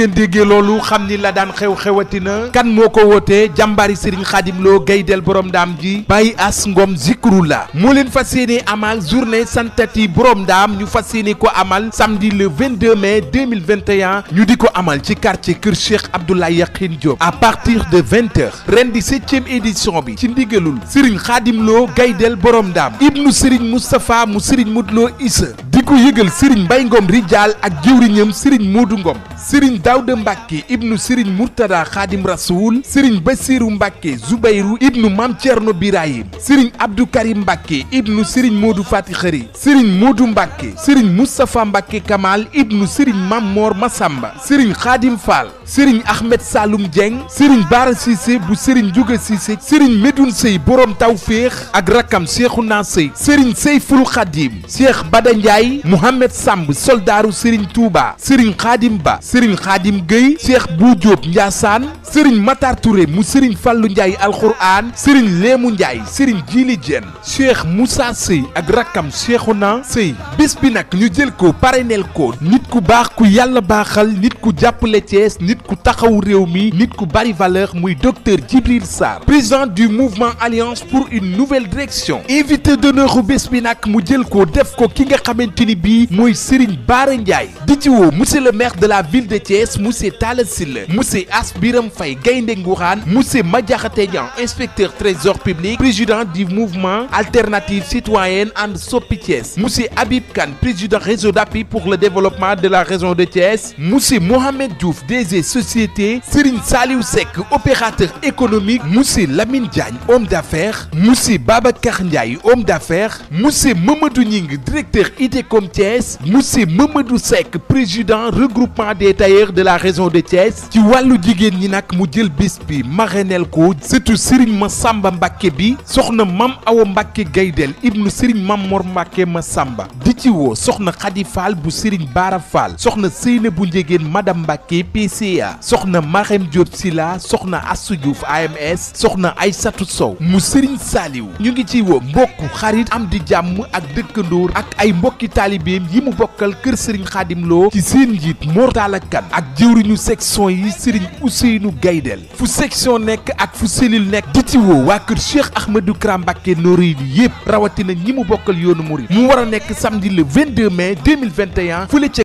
ngeen déggee loolu xam ni la daan xew xewatina kan moo ko wootee jàmbari Khadim Lo gaydel borom daam ji Baye As Ngom Zikroulah moo leen amal journée santati borom daam ñu fas ko amal samedi le 22 mai 2021 ñu di ko amal ci quartier Kër Cheikh Abdoulaye Diop à partir de 20h ren di 7e édition bi ci ndigalul Serigne Khadim Lo gaydel borom daam ibnu Serigne Moustapha mu Serigne Modou Lo Issa di ko yëgal Ngom Rijal ak jëwriñam Serigne Modou Ngom sëriñ daawda mbàkke ibnu sëriñ murtada xaadim rasuul sëriñ basiiru mbàkke zubayru ibnu mam cerno birahim sëriñ abdou karim mbàkke ibnu sëriñ moodu faati xëri sëriñ moodu mbàkke sëriñ moustapha mbàkke kamal ibnu sëriñ mammoor masamba sëriñ xaadim faal sëriñ ahmed saloum dieng sëriñ baara siise bu sëriñ juga siise sëriñ medun sëy borom taw féex ak rakkam seexuna sëy sëriñ seyful xaadim cheikh bada ndiaye mouhamed samb soldaaru sëriñ touba sëriñ xaadim ba Serigne Khadim Gueye Cheikh Bou Diop Sirin Matar Touré mou Serigne Fallou Ndiaye Quran, Serigne Lemou Ndiaye Serigne Djili cheikh Moussa Sey ak Cheikh Cheikhouna Sey Bespinak, bi Parinelko, ñu jël ko parrainel ko nit ku baax ku Yalla nit ku nit nit bari valeur muy docteur Djibril Sar, président du mouvement Alliance pour une nouvelle direction invité d'honneur au bés bi nak mu jël ko def ko ki nga Ndiaye di ci le maire de la ville de Thiès monsieur Talla monsieur Faye Gaynde inspecteur trésor public président du mouvement alternative citoyenne and Moussé Moussé Habib président réseau d'appui pour le développement de la région de Thiès Moussé Mohamed Diouf DG société Sirin Saliou opérateur économique Moussé Lamine Diagne homme d'affaires Moussé Baba Ndiaye homme d'affaires Moussé Mamadou Ning directeur Idecom Thiès Moussé Mamadou président regroupement des tailleurs de la région de Thiès ci walou nag mu jël bis bi mareneel ko surtout ma Massamba Mbacke bi soxna Mam Awa Mbacke Gaydel ibnu Serigne Mam Mor ma Massamba ci woo soxna Khady Fall bu Serigne Bara Fall soxna Seynabou Ndiégène madame Mbacké PCA soxna Marème Diop Sila soxna Assou Diouf AMS soxna Aïssatou Sow mu Serigne Saliou ñu ngi ci woo mbokk xarit am di jàmm ak dëkkandoor ak ay mbokki taalibeem yi mu bokkal kër Serigne Khadim Lo ci seen njiit Mor Talla ak jëwriñu section yi Serigne Ousseynou Gaydel fu section nekk ak fu cellule nekk di ci woo waa kër Cheikh Ahmadou Kara Mbacké Noreyni yëpp rawatina ñi mu bokkal yoonu Mouride le 22 mai 2021